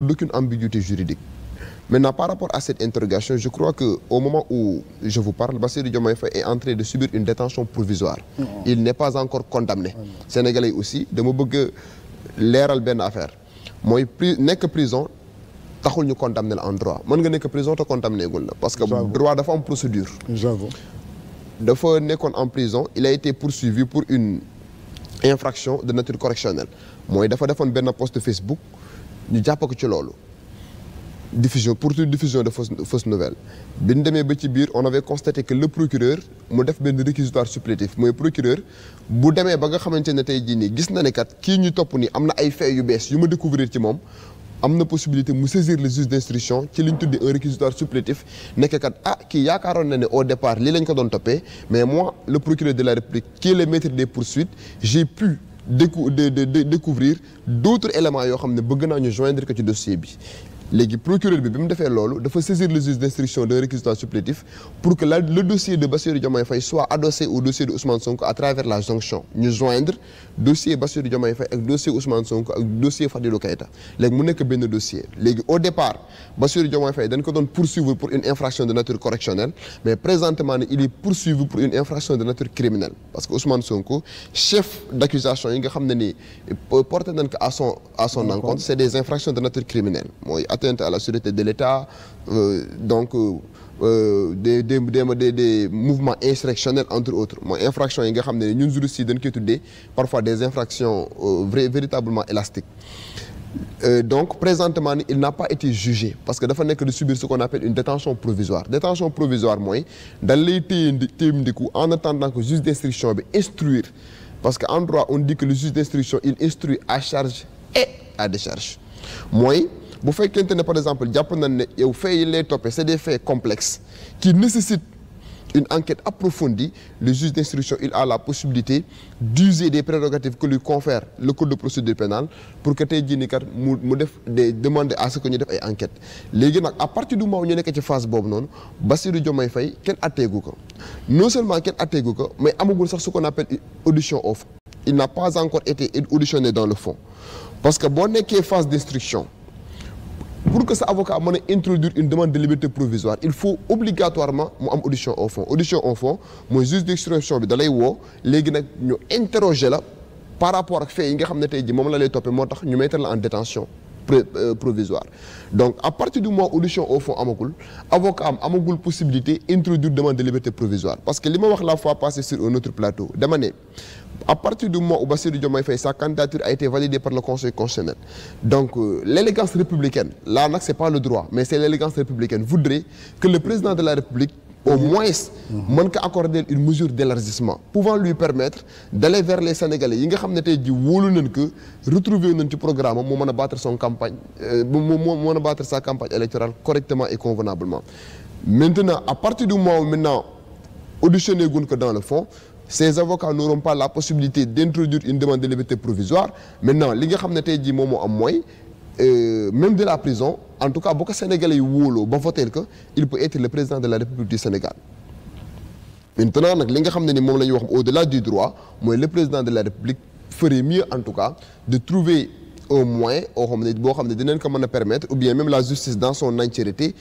d'aucune ambiguïté juridique. Maintenant, par rapport à cette interrogation, je crois qu'au moment où je vous parle, Bassirou Diomaye est en train de subir une détention provisoire. Il n'est pas encore condamné. Mmh. Sénégalais aussi, dama me bëgg leeral benn affaire mooy pri nekk prison taxul ñu condamné la en droit mën nga nekk prison te condamné gul la. parce que droit dafa am procédure. dafa nekkoon en prison il a été poursuivi pour une infraction de nature correctionnelle mooy dafa defoon benn post Facebook. ñu jàpp ko ci loolu diffusion pour diffusion de fausse fausse nouvelle bi ñu demee ba ci biir on avait constaté que le procureur mu def benn réquisitoire supplétif mooy procureur bu demee ba nga xamante ne tey jii nii gis na ne kat kii ñu topp nii am na ay faits yu bees yu ma découvrir ci moom am na possibilité mu saisir le juge d'instruction ci li ñu tuddi un réquisitoire supplétif nekk kat ah kii yaakaaroon na ne au départ lii lañ ko doon toppee mais moi le procureur de la République qui le maître des décou de de découvrir d'autres éléments yoo xam ne bëgg naa ñu joindre ko ci dossier bi léegi procureur bi bi mu defee loolu dafa saisir le juge d'instruction d'un réquisitoire supplétif pour que la dossier de Bassirou Diomaye Faye soit adossé au dossier de Ousmane Sonko ak dossier Ousmane Sonko ak dossier léegi mu nekk benn dossier léegi au départ Bassirou Diomaye Faye dañ ko doon poursuivre pour une infraction de nature correctionnelle mais présentement ne il est poursuivi pour une infraction de nature criminelle parce que Ousmane Sonko chef d'accusation atteinte à la sûreté de l'État euh, donc euh, euh des des des des mouvements insurrectionnels entre autres mooy infraction yi nga xam ne ñun juristes yi dañ koy tuddee parfois des infractions euh, vrai véritablement élastiques euh, donc présentement ni il n'a pas été jugé parce que dafa nekk di subir ce qu'on appelle une détention provisoire détention provisoire mooy dañ lay téye téyemndiku en attendant que juge d'instruction bi instruire parce que en droit on dit que le juge d'instruction il instruit à charge bu fekkente ne par exemple jàpp nañ ne yow faits yi lay toppee c'est des faits complexes qui nécessitent une enquête approfondie le juge d'instruction il a la possibilité d'user des prérogatives que lui confère le code de procédure pénale pour que tey jii nii kat mu mu def des demande à ce que ñu def ay enquêtes léegi nag à parti du moment ñu nekk ci phase boobu noonu Bassirou Diomaye Faye kenn atteegu ko non seulement kenn atteegu ko mais amagul sax su qu'on appelle audition au fond il n'a pas encore été auditionné dans le parce que boo nekkee phase d'instruction pour que sa avocat mën a introduire une demande de liberté provisoire il faut obligatoirement mu am audition au fond audition au fond mooy juge d'instruction bi da woo léegi nag ñu interroger la par rapport ak fait yi nga xam ne tey ji moom la lay toppe moo tax ñu mettre la en détention Euh, provisoire donc à partir du moment où audition au fond amagul avocat am amagul possibilité introduire demande de liberté provisoire parce que li ma wax la fois passée sur un autre plateau dama ne à partir du moment où Bassirou Diomaye Faye sa candidature a été validée par le conseil constitutionnel donc euh, l'élégance républicaine là nag c'est pas le droit mais c'est l'élégance républicaine voudrait que le président de la république au moins mën ko accorder une mesure d'élargissement pouvant lui permettre d'aller vers les Sénégalais yi nga xam ne tey ji woolu nañ ko retrouver nañ ci programme am moo mën a battre son campagne moo euh, moo mën a battre sa campagne électorale correctement et convenablement maintenant à partir du moment où maintenant auditionné gun ko dans le fond ces avocats n'auront pas la possibilité d'introduire une demande de liberté provisoire maintenant li nga xam ne tey ji moom moo am mooy Euh, même de la prison en tout cas boo ko Sénégalais yi wóoloo ba voter que il peut être le président de la République du Sénégal maintenant nag li nga xam ne ni moom la ñuy wax au-delà du droit mooy le président de la République ferait mieux en tout cas de trouver un moyen oo xam ne boo xam ne dinañ ko mën a permettre ou bien même la justice dans son entièreté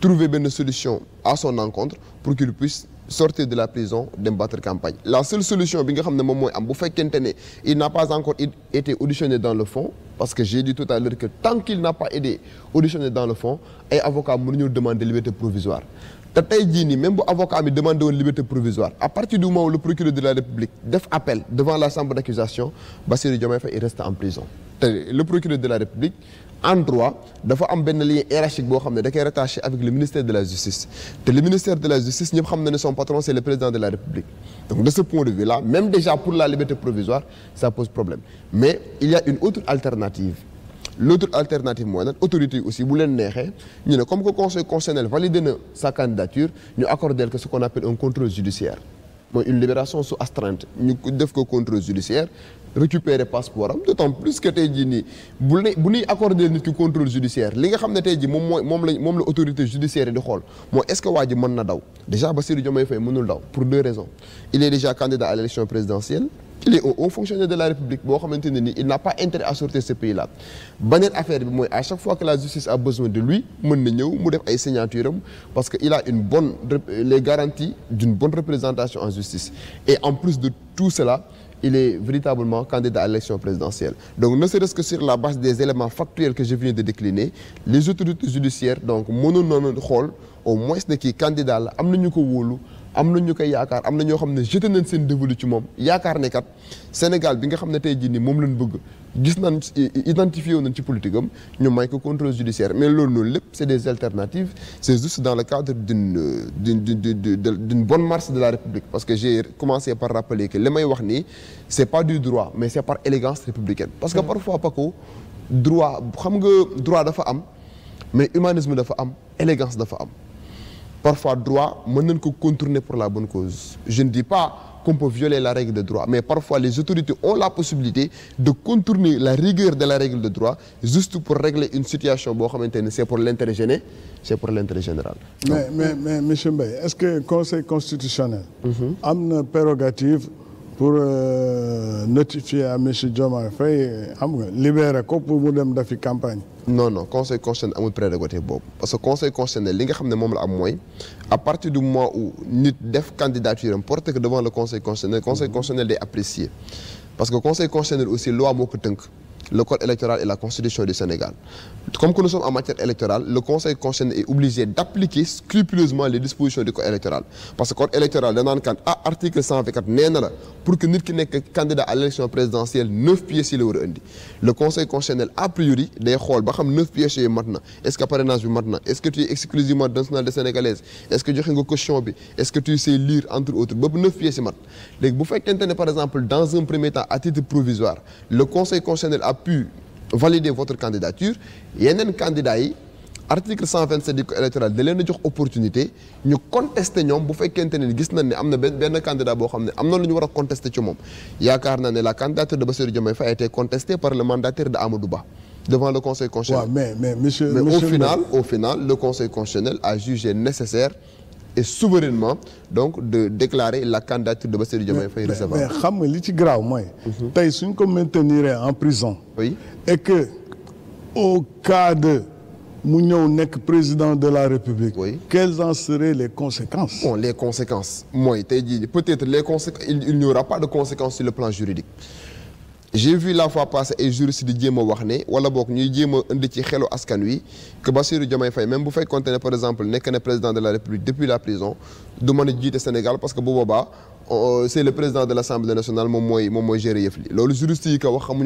trouver benn solution à son encontre pour qu'il puisse sorti de la prison dem battre campagne la seule solution bi nga xam ne moom mooy am bu fekkente ne il n'a pas encore été auditionné dans le fond parce que j'ai dit tout à l'heure que tant qu'il n'a pas été auditionné dans le fond ay avocat mënuñu demander liberté provisoire te tey jii nii avocat mi demandé woon liberté provisoire à partir du moment où le procureur de la République def appel devant la d'accusation Bassirou Diomaye Faye il reste te le procureur de la en droit dafa am benn lien hiérarchique boo xam ne da koy rattaché avec le ministère de la justice te le ministère de la justice ñëpp xam na ne son patron c'est le président de la république donc de ce point de vue là même déjà pour la liberté provisoire ça pose problème mais il y a une autorité yi aussi bu leen neexee ñu ne comme que conseil constitutionnel valide na sa candidature ñu accordé que ce qu'on appelle un contrôle judiciaire mooy une libération ñu def ko contrôle judiciaire récupérer passeport am d'autant plus que tey jii nii bu ne bu nit ki contrôle judiciaire li nga xam ne tey jii moom mooy moom la moom la autorité judiciaire yi di xool mooy est-ce que waa ji mën na daw déjà Bassirou Diomaye Faye mënul daw pour deux raisons il est déjà candidat à l'élection présidentielle il est un haut fonctionnaire de la République boo xamante ne nii il n'a pas intérêt à sortir ce pays là beneen affaire bi mooy à chaque fois que la justice a a une bonne les garanties d'une bonne représentation en justice et en plus il est véritablement candidat à l'élection présidentielle. Donc, ne serait-ce que sur la base des éléments factuels que je viens de décliner, les autorités judiciaires, donc, mënoon xool au moins ne kii candidat la am nañu ko wóolu am na ñu koy yaakaar am na ñoo xam ne jeté nañ seen dévolu ci moom yaakaar ne kat Sénégal bi nga xam ne tey jii nii moom lañ bëgg gis nañ identifié nañ ci politique am ñu may ko contrôle judiciaire mais lool noonu lépp c'est des alternatives c'est juste dans le cadre d'une d'une d'une d'une de la République parce que j'ai commencé par rappeler que li may wax nii c'est pas du droit mais c'est par élégance républicaine parce que mm. parfois Paco droit xam nga droit dafa am mais humanisme dafa am élégance dafa am parfois droit mën nañ ko contourner pour la bonne cause je ne dis pas qu'on peut violer la règle de droit mais parfois les autorités ont la possibilité de contourner la rigueur de la règle de droit juste pour régler une situation boo xamante ne c'est pour l'intérêt gêné c'est pour général mais mais mais monsieur Mbaye est-ce que conseil constitutionnel mhm. am na prérogative pour euh, notifier à monsieur Diomaye Faye xam nga libéré ko pour mu dem dafi campagne. non non conseil constitutionnel amul prérogative boobu parce que conseil constitutionnel li nga xam ne moom la am mooy à partir du mois où nit def candidature am porté que devant le conseil constitutionnel conseil constitutionnel day apprécier parce que conseil constitutionnel aussi loi moo ko tënk. le code électoral et la constitution du Sénégal. Comme que nous sommes en matière électorale, le Conseil constitutionnel est obligé d'appliquer scrupuleusement les dispositions du code électoral. Parce que code électoral da kan ah article 124 nee la pour que nit ki nekk candidat à l'élection présidentielle neuf pièces yi la war a Le Conseil constitutionnel a priori day xool ba xam neuf pièces yooyu mat na est-ce que tu es exclusivement de nationalité sénégalaise est-ce que a pu valider votre candidature yeneen candidat yi article 127 du code électoral da leen a jox opportunité ñu contester ñoom bu fekkente ne gis nañ ni am na benn benn candidat boo xam ne am na lu ñu war a contester ci moom yaakaar naa ne la candidature de Bassirou Diomaye Faye a été contestée par le mandataire de Amadou Ba devant le conseil conseil a jugé nécessaire et souverainement donc de déclarer la candidature de Bassirou Diomaye Faye recevable. mais xam nga li ci grave mooy. Mhm. tey en prison. oui et que au cas de mu ñëw nekk président de la république. oui quelles en seraient les conséquences. bon les conséquences mooy tey jii peut-être les conséquences il, n'y aura pas de conséquences sur le plan juridique. j'ai vu la fois passée ay juristes di jéem wax ne wala boog ñuy jéem a indi ci xelu askan wi que Bassirou Diomaye Faye même bu fekkoonte ne par exemple nekk na président de la république depuis la prison du mën a jiite Sénégal parce que bu euh, c'est le président de l'Assemblée